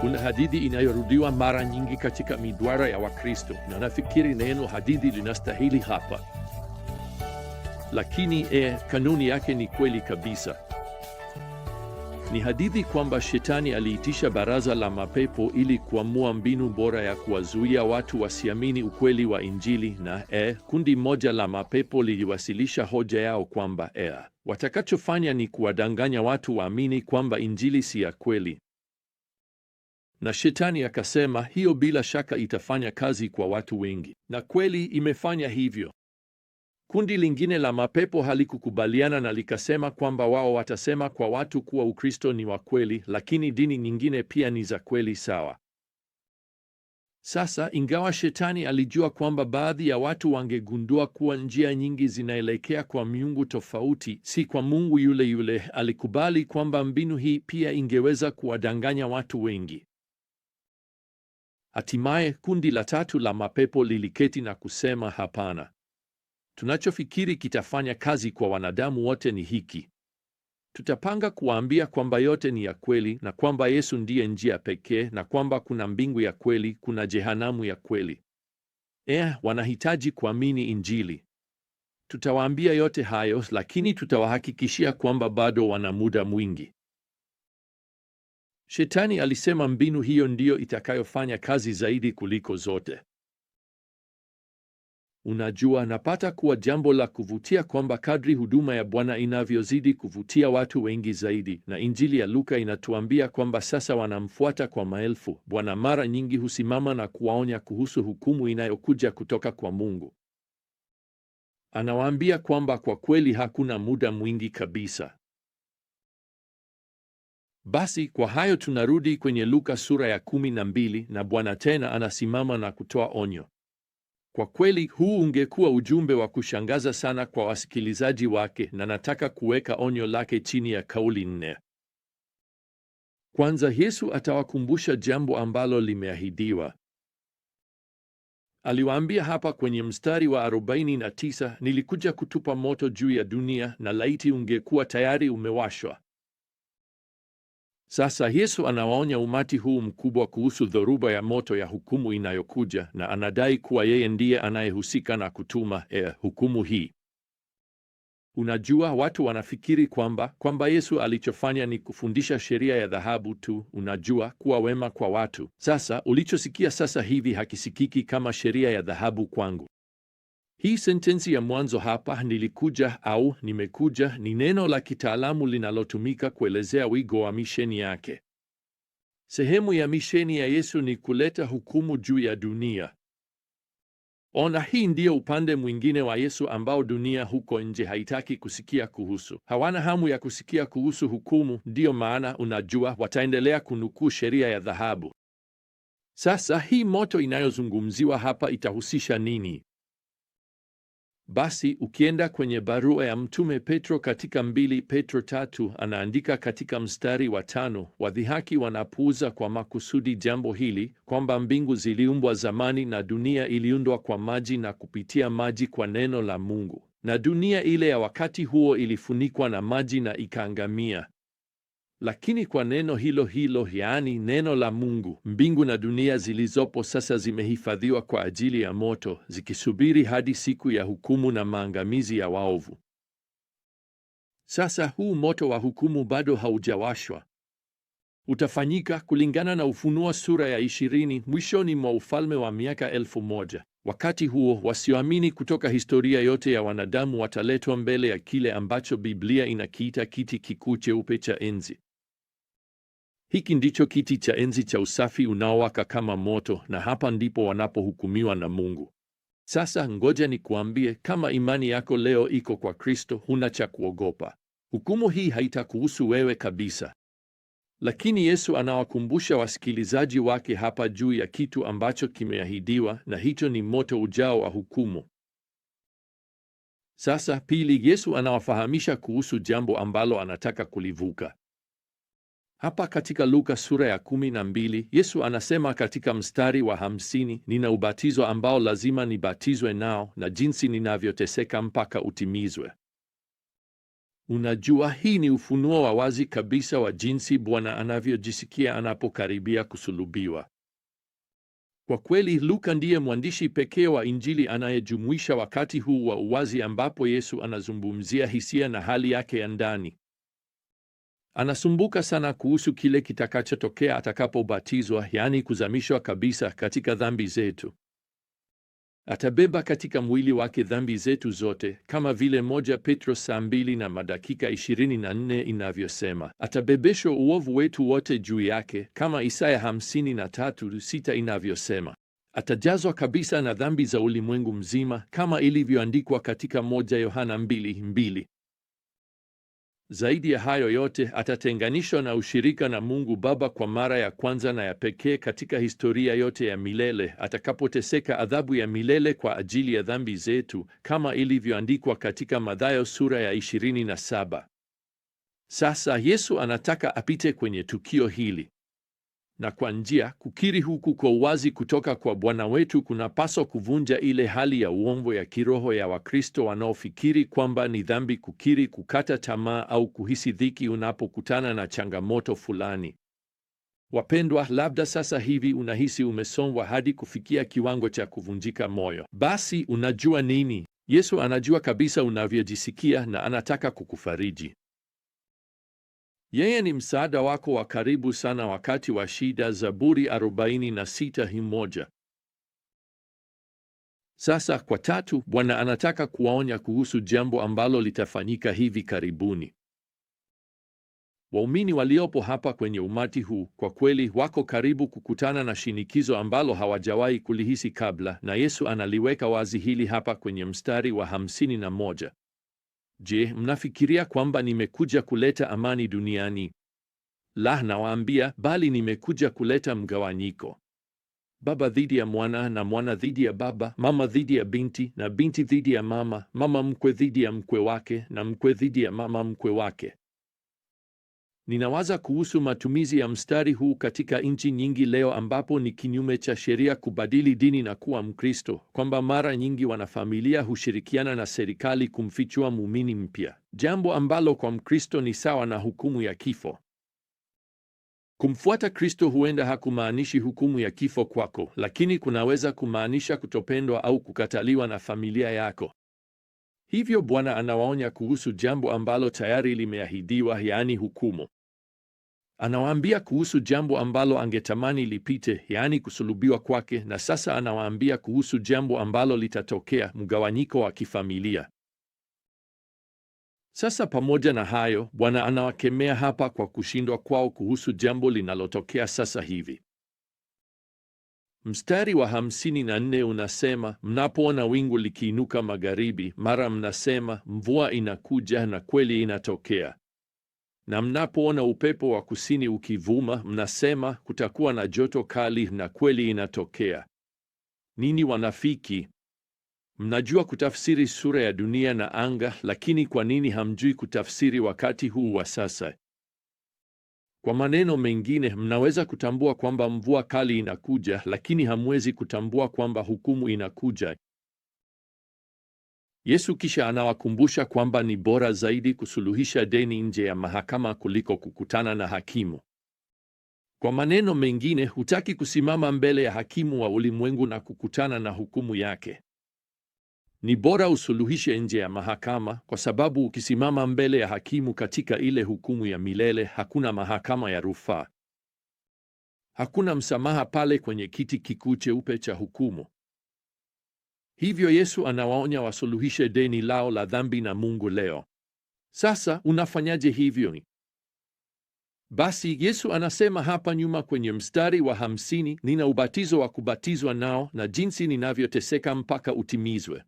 Kuna hadithi inayorudiwa mara nyingi katika midwara ya Wakristo, na nafikiri neno hadithi linastahili hapa. Lakini e, kanuni yake ni kweli kabisa. Ni hadithi kwamba shetani aliitisha baraza la mapepo ili kuamua mbinu bora ya kuwazuia watu wasiamini ukweli wa Injili, na e, kundi moja la mapepo liliwasilisha hoja yao kwamba e, watakachofanya ni kuwadanganya watu waamini kwamba Injili si ya kweli. Na shetani akasema, hiyo bila shaka itafanya kazi kwa watu wengi, na kweli imefanya hivyo. Kundi lingine la mapepo halikukubaliana na likasema kwamba wao watasema kwa watu kuwa Ukristo ni wa kweli, lakini dini nyingine pia ni za kweli sawa. Sasa, ingawa shetani alijua kwamba baadhi ya watu wangegundua kuwa njia nyingi zinaelekea kwa miungu tofauti, si kwa Mungu yule yule, alikubali kwamba mbinu hii pia ingeweza kuwadanganya watu wengi. Hatimaye kundi la tatu la mapepo liliketi na kusema, hapana, tunachofikiri kitafanya kazi kwa wanadamu wote ni hiki: tutapanga kuwaambia kwamba yote ni ya kweli na kwamba Yesu ndiye njia pekee na kwamba kuna mbingu ya kweli, kuna jehanamu ya kweli. Eh, wanahitaji kuamini Injili. Tutawaambia yote hayo, lakini tutawahakikishia kwamba bado wana muda mwingi. Shetani alisema mbinu hiyo ndiyo itakayofanya kazi zaidi kuliko zote. Unajua, napata kuwa jambo la kuvutia kwamba kadri huduma ya Bwana inavyozidi kuvutia watu wengi zaidi, na Injili ya Luka inatuambia kwamba sasa wanamfuata kwa maelfu, Bwana mara nyingi husimama na kuwaonya kuhusu hukumu inayokuja kutoka kwa Mungu. Anawaambia kwamba kwa kweli hakuna muda mwingi kabisa. Basi kwa hayo tunarudi kwenye Luka sura ya kumi na mbili na Bwana tena anasimama na kutoa onyo. Kwa kweli huu ungekuwa ujumbe wa kushangaza sana kwa wasikilizaji wake, na nataka kuweka onyo lake chini ya kauli nne. Kwanza, Yesu atawakumbusha jambo ambalo limeahidiwa. Aliwaambia hapa kwenye mstari wa 49, nilikuja kutupa moto juu ya dunia, na laiti ungekuwa tayari umewashwa. Sasa Yesu anawaonya umati huu mkubwa kuhusu dhoruba ya moto ya hukumu inayokuja, na anadai kuwa yeye ndiye anayehusika na kutuma eh, hukumu hii. Unajua, watu wanafikiri kwamba kwamba Yesu alichofanya ni kufundisha sheria ya dhahabu tu, unajua, kuwa wema kwa watu. Sasa ulichosikia sasa hivi hakisikiki kama sheria ya dhahabu kwangu. Hii sentensi ya mwanzo hapa, nilikuja au nimekuja, ni neno la kitaalamu linalotumika kuelezea wigo wa misheni yake. Sehemu ya misheni ya Yesu ni kuleta hukumu juu ya dunia. Ona, hii ndiyo upande mwingine wa Yesu ambao dunia huko nje haitaki kusikia kuhusu. Hawana hamu ya kusikia kuhusu hukumu, ndiyo maana unajua, wataendelea kunukuu sheria ya dhahabu. Sasa hii moto inayozungumziwa hapa itahusisha nini? Basi ukienda kwenye barua ya mtume Petro katika mbili Petro tatu, anaandika katika mstari wa tano, wadhihaki wanapuuza kwa makusudi jambo hili kwamba mbingu ziliumbwa zamani na dunia iliundwa kwa maji na kupitia maji kwa neno la Mungu, na dunia ile ya wakati huo ilifunikwa na maji na ikaangamia. Lakini kwa neno hilo hilo, yaani neno la Mungu, mbingu na dunia zilizopo sasa zimehifadhiwa kwa ajili ya moto, zikisubiri hadi siku ya hukumu na maangamizi ya waovu. Sasa huu moto wa hukumu bado haujawashwa. Utafanyika kulingana na Ufunuo sura ya ishirini mwishoni mwa ufalme wa miaka elfu moja. Wakati huo wasioamini kutoka historia yote ya wanadamu wataletwa mbele ya kile ambacho Biblia inakiita kiti kikuu cheupe cha enzi. Hiki ndicho kiti cha enzi cha usafi unaowaka kama moto, na hapa ndipo wanapohukumiwa na Mungu. Sasa ngoja nikuambie, kama imani yako leo iko kwa Kristo, huna cha kuogopa. Hukumu hii haitakuhusu wewe kabisa. Lakini Yesu anawakumbusha wasikilizaji wake hapa juu ya kitu ambacho kimeahidiwa, na hicho ni moto ujao wa hukumu. Sasa pili, Yesu anawafahamisha kuhusu jambo ambalo anataka kulivuka. Hapa katika Luka sura ya kumi na mbili Yesu anasema katika mstari wa hamsini nina ubatizo ambao lazima nibatizwe nao na jinsi ninavyoteseka mpaka utimizwe. Unajua, hii ni ufunuo wa wazi kabisa wa jinsi Bwana anavyojisikia anapokaribia kusulubiwa. Kwa kweli, Luka ndiye mwandishi pekee wa Injili anayejumuisha wakati huu wa uwazi ambapo Yesu anazungumzia hisia na hali yake ya ndani. Anasumbuka sana kuhusu kile kitakachotokea atakapobatizwa, yaani kuzamishwa kabisa katika dhambi zetu. Atabeba katika mwili wake dhambi zetu zote, kama vile moja Petro saa mbili na madakika 24 inavyosema, atabebeshwa uovu wetu wote juu yake, kama Isaya 53:6 inavyosema. Atajazwa kabisa na dhambi za ulimwengu mzima, kama ilivyoandikwa katika moja Yohana 2:2. Zaidi ya hayo yote, atatenganishwa na ushirika na Mungu Baba kwa mara ya kwanza na ya pekee katika historia yote ya milele, atakapoteseka adhabu ya milele kwa ajili ya dhambi zetu, kama ilivyoandikwa katika Mathayo sura ya 27. Sasa Yesu anataka apite kwenye tukio hili na kwa njia, kukiri huku kwa uwazi kutoka kwa Bwana wetu kunapaswa kuvunja ile hali ya uongo ya kiroho ya Wakristo wanaofikiri kwamba ni dhambi kukiri, kukata tamaa au kuhisi dhiki unapokutana na changamoto fulani. Wapendwa, labda sasa hivi unahisi umesongwa hadi kufikia kiwango cha kuvunjika moyo. Basi unajua nini? Yesu anajua kabisa unavyojisikia na anataka kukufariji. Yeye ni msaada wako wa karibu sana wakati wa shida. Zaburi 46:1. Sasa kwa tatu, Bwana anataka kuwaonya kuhusu jambo ambalo litafanyika hivi karibuni. Waumini waliopo hapa kwenye umati huu kwa kweli wako karibu kukutana na shinikizo ambalo hawajawahi kulihisi kabla, na Yesu analiweka wazi hili hapa kwenye mstari wa hamsini na moja. Je, mnafikiria kwamba nimekuja kuleta amani duniani? La, nawaambia, bali nimekuja kuleta mgawanyiko. Baba dhidi ya mwana na mwana dhidi ya baba, mama dhidi ya binti na binti dhidi ya mama, mama mkwe dhidi ya mkwe wake na mkwe dhidi ya mama mkwe wake. Ninawaza kuhusu matumizi ya mstari huu katika nchi nyingi leo ambapo ni kinyume cha sheria kubadili dini na kuwa Mkristo, kwamba mara nyingi wanafamilia hushirikiana na serikali kumfichua muumini mpya, jambo ambalo kwa Mkristo ni sawa na hukumu ya kifo. Kumfuata Kristo huenda hakumaanishi hukumu ya kifo kwako, lakini kunaweza kumaanisha kutopendwa au kukataliwa na familia yako. Hivyo Bwana anawaonya kuhusu jambo ambalo tayari limeahidiwa, yaani hukumu. Anawaambia kuhusu jambo ambalo angetamani lipite, yaani kusulubiwa kwake, na sasa anawaambia kuhusu jambo ambalo litatokea, mgawanyiko wa kifamilia. Sasa pamoja na hayo, Bwana anawakemea hapa kwa kushindwa kwao kuhusu jambo linalotokea sasa hivi. Mstari wa hamsini na nne unasema, mnapoona wingu likiinuka magharibi, mara mnasema mvua inakuja, na kweli inatokea. Na mnapoona upepo wa kusini ukivuma, mnasema kutakuwa na joto kali, na kweli inatokea. Nini wanafiki? Mnajua kutafsiri sura ya dunia na anga, lakini kwa nini hamjui kutafsiri wakati huu wa sasa? Kwa maneno mengine, mnaweza kutambua kwamba mvua kali inakuja, lakini hamwezi kutambua kwamba hukumu inakuja. Yesu kisha anawakumbusha kwamba ni bora zaidi kusuluhisha deni nje ya mahakama kuliko kukutana na hakimu. Kwa maneno mengine, hutaki kusimama mbele ya hakimu wa ulimwengu na kukutana na hukumu yake. Ni bora usuluhishe nje ya mahakama, kwa sababu ukisimama mbele ya hakimu katika ile hukumu ya milele, hakuna mahakama ya rufaa, hakuna msamaha pale kwenye kiti kikuu cheupe cha hukumu. Hivyo Yesu anawaonya wasuluhishe deni lao la dhambi na Mungu leo. Sasa unafanyaje hivyo? Basi Yesu anasema hapa nyuma kwenye mstari wa hamsini, nina ubatizo wa kubatizwa nao na jinsi ninavyoteseka mpaka utimizwe.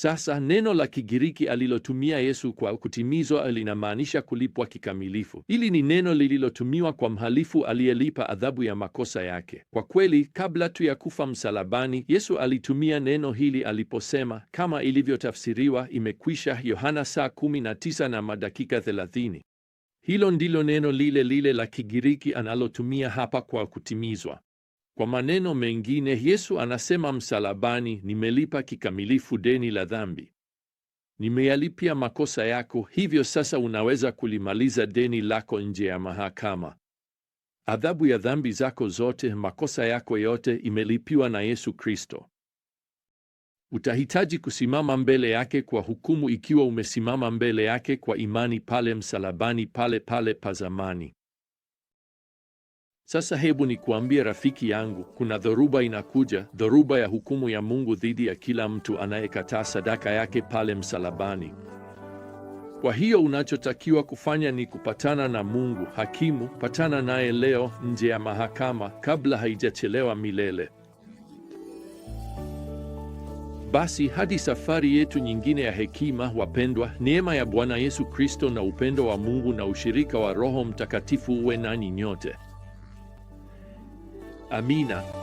Sasa neno la Kigiriki alilotumia Yesu kwa kutimizwa linamaanisha kulipwa kikamilifu. Hili ni neno lililotumiwa kwa mhalifu aliyelipa adhabu ya makosa yake. Kwa kweli, kabla tu ya kufa msalabani, Yesu alitumia neno hili aliposema, kama ilivyotafsiriwa imekwisha, Yohana saa 19 na madakika 30. Hilo ndilo neno lile lile la Kigiriki analotumia hapa kwa kutimizwa. Kwa maneno mengine, Yesu anasema msalabani, nimelipa kikamilifu deni la dhambi, nimeyalipia makosa yako, hivyo sasa unaweza kulimaliza deni lako nje ya mahakama. Adhabu ya dhambi zako zote, makosa yako yote, imelipiwa na Yesu Kristo. Utahitaji kusimama mbele yake kwa hukumu ikiwa umesimama mbele yake kwa imani pale msalabani, pale pale pa zamani. Sasa hebu nikuambie rafiki yangu, kuna dhoruba inakuja, dhoruba ya hukumu ya Mungu dhidi ya kila mtu anayekataa sadaka yake pale msalabani. Kwa hiyo unachotakiwa kufanya ni kupatana na Mungu. Hakimu, patana naye leo nje ya mahakama kabla haijachelewa milele. Basi hadi safari yetu nyingine ya hekima, wapendwa, neema ya Bwana Yesu Kristo na upendo wa Mungu na ushirika wa Roho Mtakatifu uwe nanyi nyote. Amina